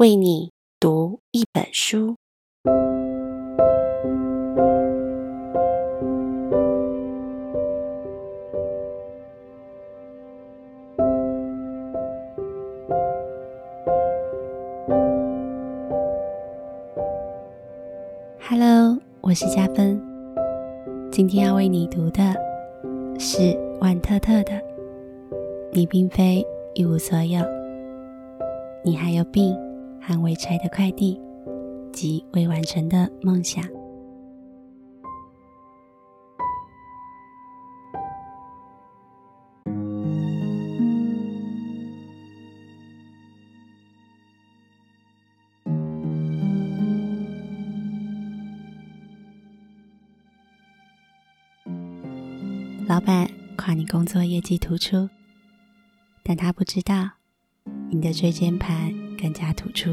為你讀一本書。Hello，我是家芬。今天要為你讀的是萬特特的《你並非一無所有》，你還有病。未拆的快遞及未完成的夢想。老闆誇你工作業績突出，但他不知道你的椎間盤更加突出。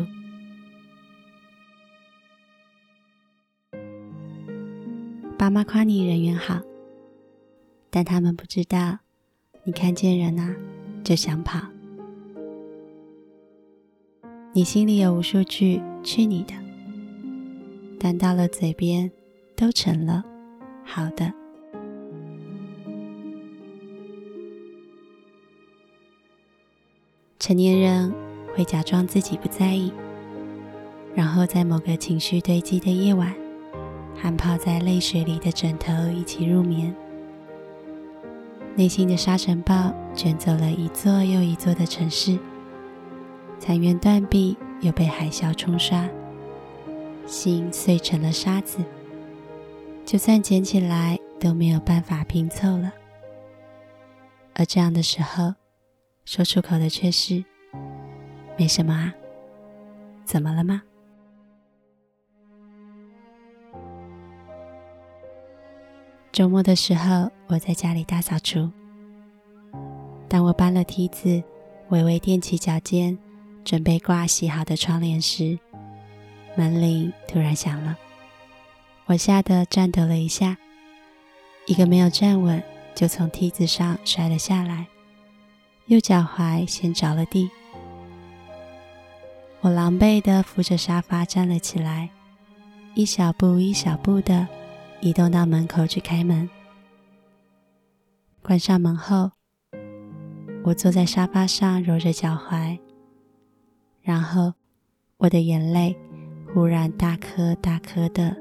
爸媽誇你人緣好，但他們不知道，你看見人啊就想跑。你心裡有無數句“去你的”，但到了嘴邊都成了好的。成年人，會假裝自己不在意，然後在某個情緒堆積的夜晚，和泡在淚水裡的枕頭一起入眠。內心的沙塵暴捲走了一座又一座的城市，殘垣斷壁又被海嘯沖刷，心碎成了沙子，就算撿起來都沒有辦法拼湊了。而這樣的時候，說出口的卻是。沒什麼啊，怎麼了嗎？周末的時候，我在家裡大掃除。當我搬了梯子，微微踮起腳尖，準備掛洗好的窗簾時，門鈴突然響了。我嚇得顫抖了一下，一個沒有站穩，就從梯子上摔了下來，右腳踝先着了地。我狼狽的扶着沙發站了起來，一小步一小步的移動到門口去開門。關上門後，我坐在沙發上揉着腳踝，然後我的眼淚忽然大顆大顆的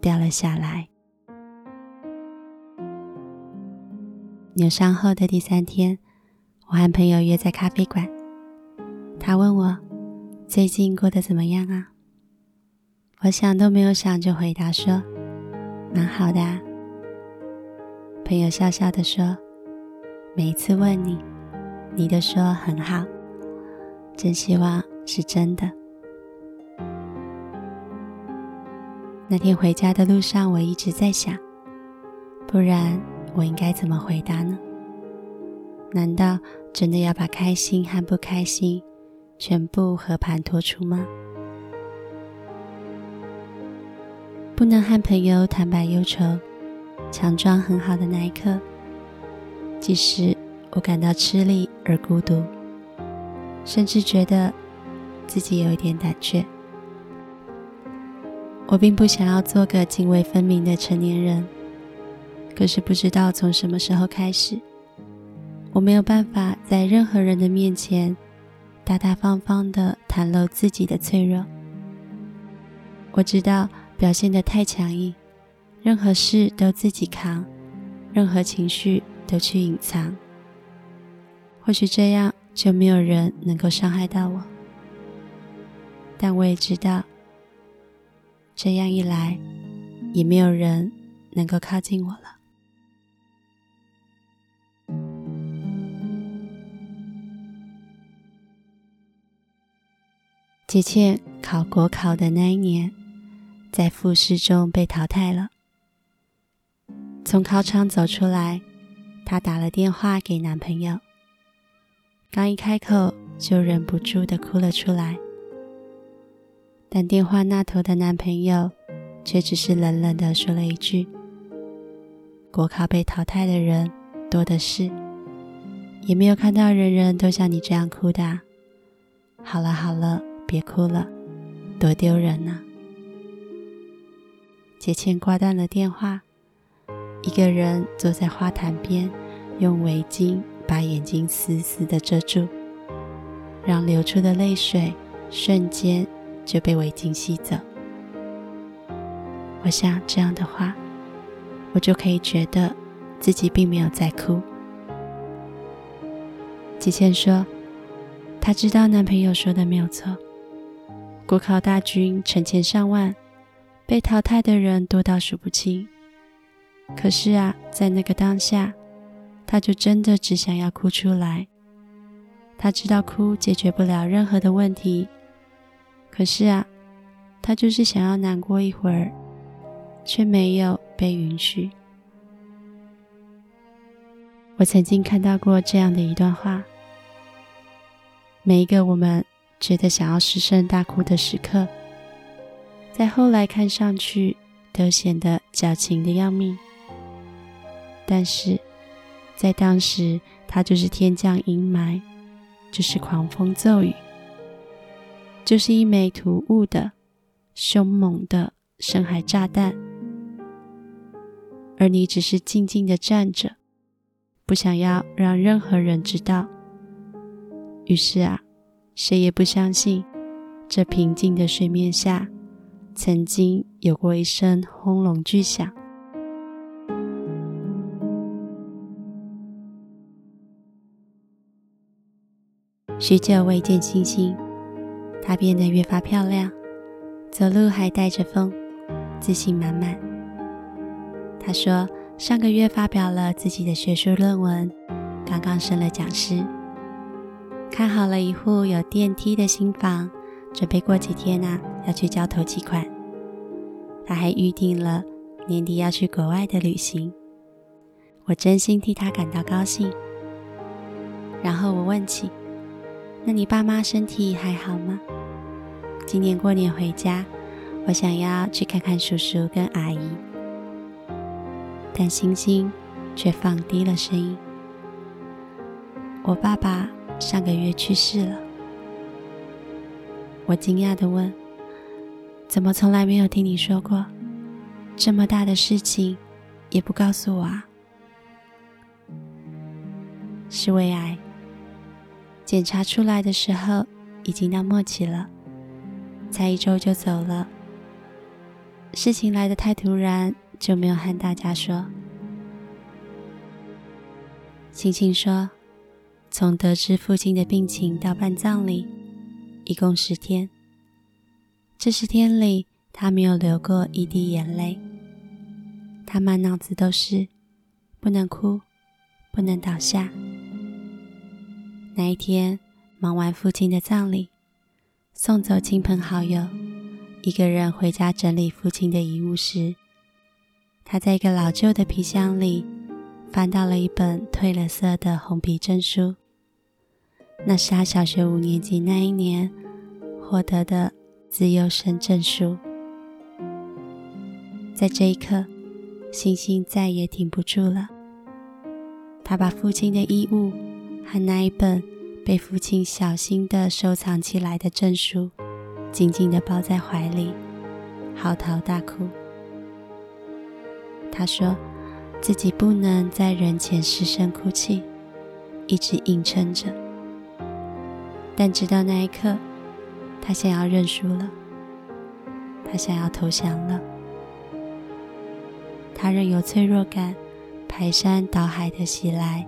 掉了下來。扭傷後的第三天，我和朋友約在咖啡館，他問我。最近過得怎麼樣啊？我想都沒有想就回答說：“蠻好的啊。”朋友笑笑地說：“每一次問你，你都說很好，真希望是真的。”那天回家的路上，我一直在想，不然我應該怎麼回答呢？難道真的要把開心和不開心，全部和盤托出嗎？不能和朋友坦白憂愁，強裝很好的那一刻，即使我感到吃力而孤獨，甚至覺得自己有一點膽怯。我並不想要做個涇渭分明的成年人，可是不知道從什麼時候開始，我沒有辦法在任何人的面前。大大方方地袒露自己的脆弱。我知道，表現得太強硬，任何事都自己扛，任何情緒都去隱藏，或許這樣就沒有人能夠傷害到我。但我也知道，這樣一來，也沒有人能夠靠近我了。琪琪考國考的那一年，在複試中被淘汰了。從考場走出來，她打了電話給男朋友，剛一開口就忍不住的哭了出來。但電話那頭的男朋友卻只是冷冷的說了一句：“國考被淘汰的人多的是，也沒有看到人人都像你這樣哭的。”好了好了。別哭了，多丟人吶、啊！傑茜掛斷了電話，一個人坐在花壇邊，用圍巾把眼睛死死的遮住，讓流出的淚水瞬間就被圍巾吸走。我想這樣的話，我就可以覺得自己並沒有在哭。姐姐說，她知道男朋友說的沒有錯。國考大軍成千上萬，被淘汰的人多到數不清。可是啊，在那個當下，他就真的只想要哭出來。他知道哭解決不了任何的問題，可是啊，他就是想要難過一會兒，卻沒有被允許。我曾經看到過這樣的一段話，每一個我們。覺得想要失聲大哭的時刻，在後來看上去都顯得矯情得要命。但是在當時，它就是天降陰霾，就是狂風驟雨，就是一枚突兀的、凶猛的深海炸彈，而你只是靜靜地站着，不想要讓任何人知道。於是啊。誰也不相信，這平靜的水面下曾經有過一聲轟隆巨響。許久未見，星星她變得越發漂亮，走路還帶着風，自信滿滿。她說，上個月發表了自己的學術論文，剛剛升了講師。看好了一戶有電梯的新房，準備過幾天呢、啊、要去交頭期款。他還預定了年底要去國外的旅行，我真心替他感到高興。然後我問起：“那你爸媽身體還好嗎？”今年過年回家，我想要去看看叔叔跟阿姨。但星星卻放低了聲音：“我爸爸。”上個月去世了，我驚訝的問：“怎麼從來沒有聽你說過？這麼大的事情也不告訴我啊？”是胃癌，檢查出來的時候已經到末期了，才一周就走了。事情來得太突然，就沒有和大家說。星星說。從得知父親的病情到辦葬禮，一共十天。這十天裡，他沒有流過一滴眼淚。他滿腦子都是不能哭，不能倒下。那一天，忙完父親的葬禮，送走親朋好友，一個人回家整理父親的遺物時，他在一個老舊的皮箱裡翻到了一本褪了色的紅皮證書。那是他小學五年級那一年獲得的資優生證書，在這一刻，星星再也挺不住了。他把父親的衣物和那一本被父親小心地收藏起來的證書緊緊地抱在懷裡，嚎啕大哭。他說：“自己不能在人前失聲哭泣，一直硬撐着。”但直到那一刻，他想要認輸了，他想要投降了，他任由脆弱感排山倒海的襲來，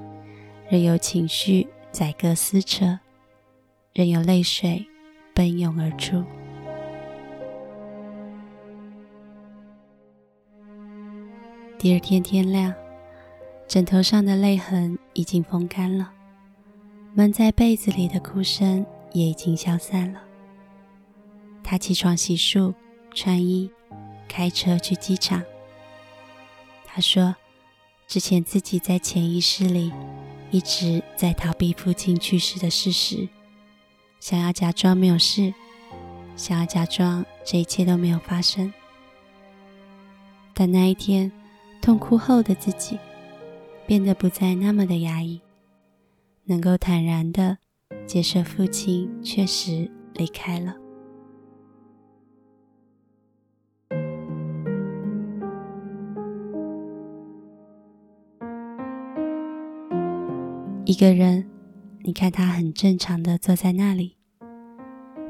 任由情緒宰割撕扯，任由淚水奔湧而出。第二天天亮，枕頭上的淚痕已經風乾了。悶在被子裡的哭聲也已經消散了。他起床、洗漱、穿衣、開車去機場。他說，之前自己在潛意識裡一直在逃避父親去世的事實，想要假裝沒有事，想要假裝這一切都沒有發生。但那一天，痛哭後的自己，變得不再那麼的壓抑。能夠坦然的接受父親確實離開了。一個人，你看他很正常的坐在那裡，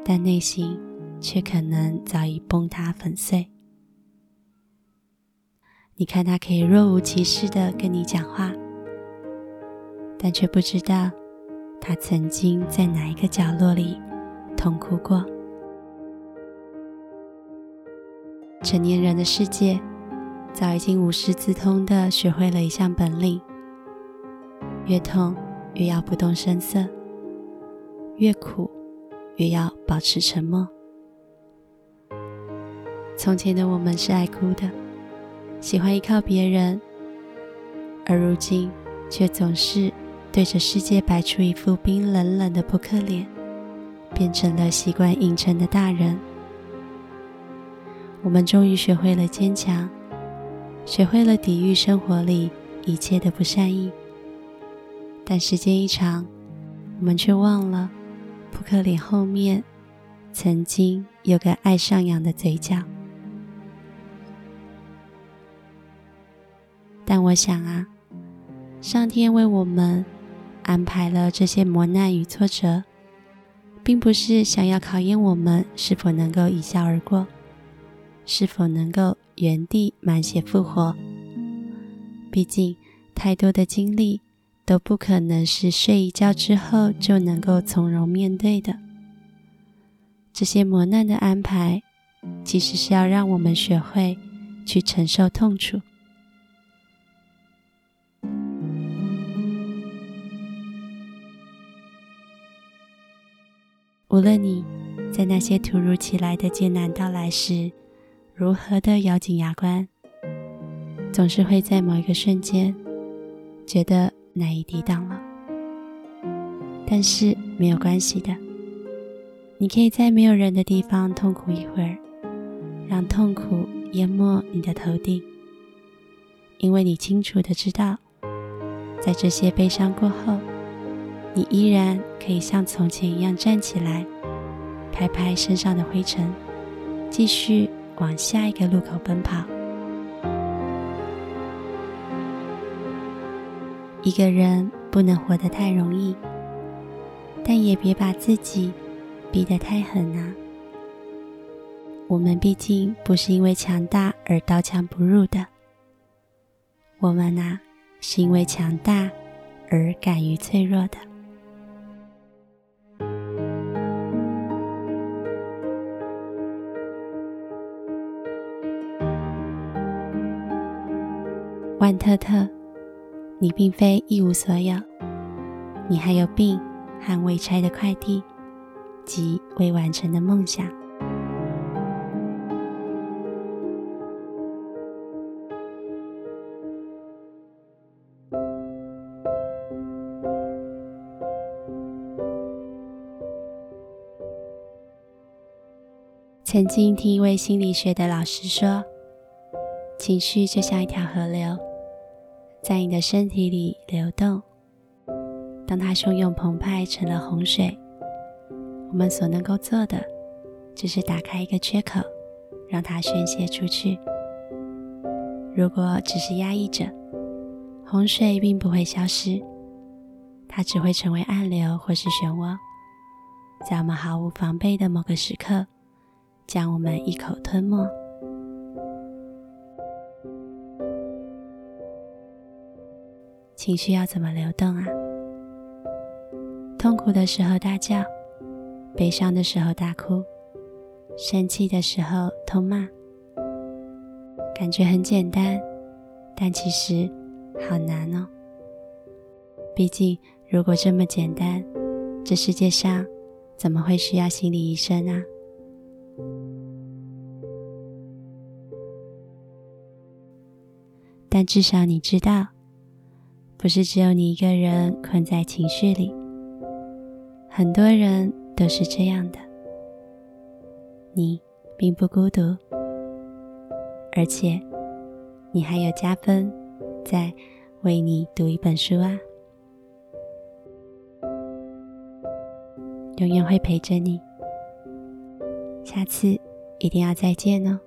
但內心卻可能早已崩塌粉碎。你看他可以若無其事的跟你講話。但卻不知道，他曾經在哪一個角落裡痛哭過。成年人的世界，早已經無師自通的學會了一項本領：越痛越要不動聲色，越苦越要保持沉默。從前的我們是愛哭的，喜歡依靠別人，而如今卻總是。對着世界擺出一副冰冷冷的撲克臉，變成了習慣硬撐的大人。我們終於學會了堅強，學會了抵禦生活裡一切的不善意。但時間一長，我們卻忘了撲克臉後面曾經有個愛上揚的嘴角。但我想啊，上天為我們。安排了這些磨難與挫折，並不是想要考驗我們是否能夠一笑而過，是否能夠原地滿血復活。畢竟，太多的經歷都不可能是睡一覺之後就能夠從容面對的。這些磨難的安排，其實是要讓我們學會去承受痛楚。無論你在那些突如其來的艱難到來時如何的咬緊牙關，總是會在某一個瞬間覺得難以抵擋了。但是沒有關係的，你可以在沒有人的地方痛哭一會兒，讓痛苦淹沒你的頭頂，因為你清楚地知道，在這些悲傷過後。你依然可以像從前一樣站起來，拍拍身上的灰塵，繼續往下一個路口奔跑。一個人不能活得太容易，但也別把自己逼得太狠吶。我們畢竟不是因為強大而刀槍不入的，我們吶，是因為強大而敢於脆弱的。萬特特，你並非一無所有，你還有病和未拆的快遞，及未完成的夢想。曾經聽一位心理學的老師說，情緒就像一條河流。在你的身體裡流動。當它洶湧澎湃成了洪水，我們所能夠做的，只是打開一個缺口，讓它宣洩出去。如果只是壓抑着，洪水並不會消失，它只會成為暗流或是漩渦，在我們毫無防備的某個時刻，將我們一口吞沒。情緒要怎麼流動啊？痛苦的時候大叫，悲傷的時候大哭，生氣的時候痛罵，感覺很簡單，但其實好難哦。畢竟，如果這麼簡單，這世界上怎麼會需要心理醫生啊？但至少你知道。不是只有你一個人困在情緒裡，很多人都是這樣的。你並不孤獨，而且你還有家芬在為你讀一本書啊，永遠會陪着你。下次一定要再見哦。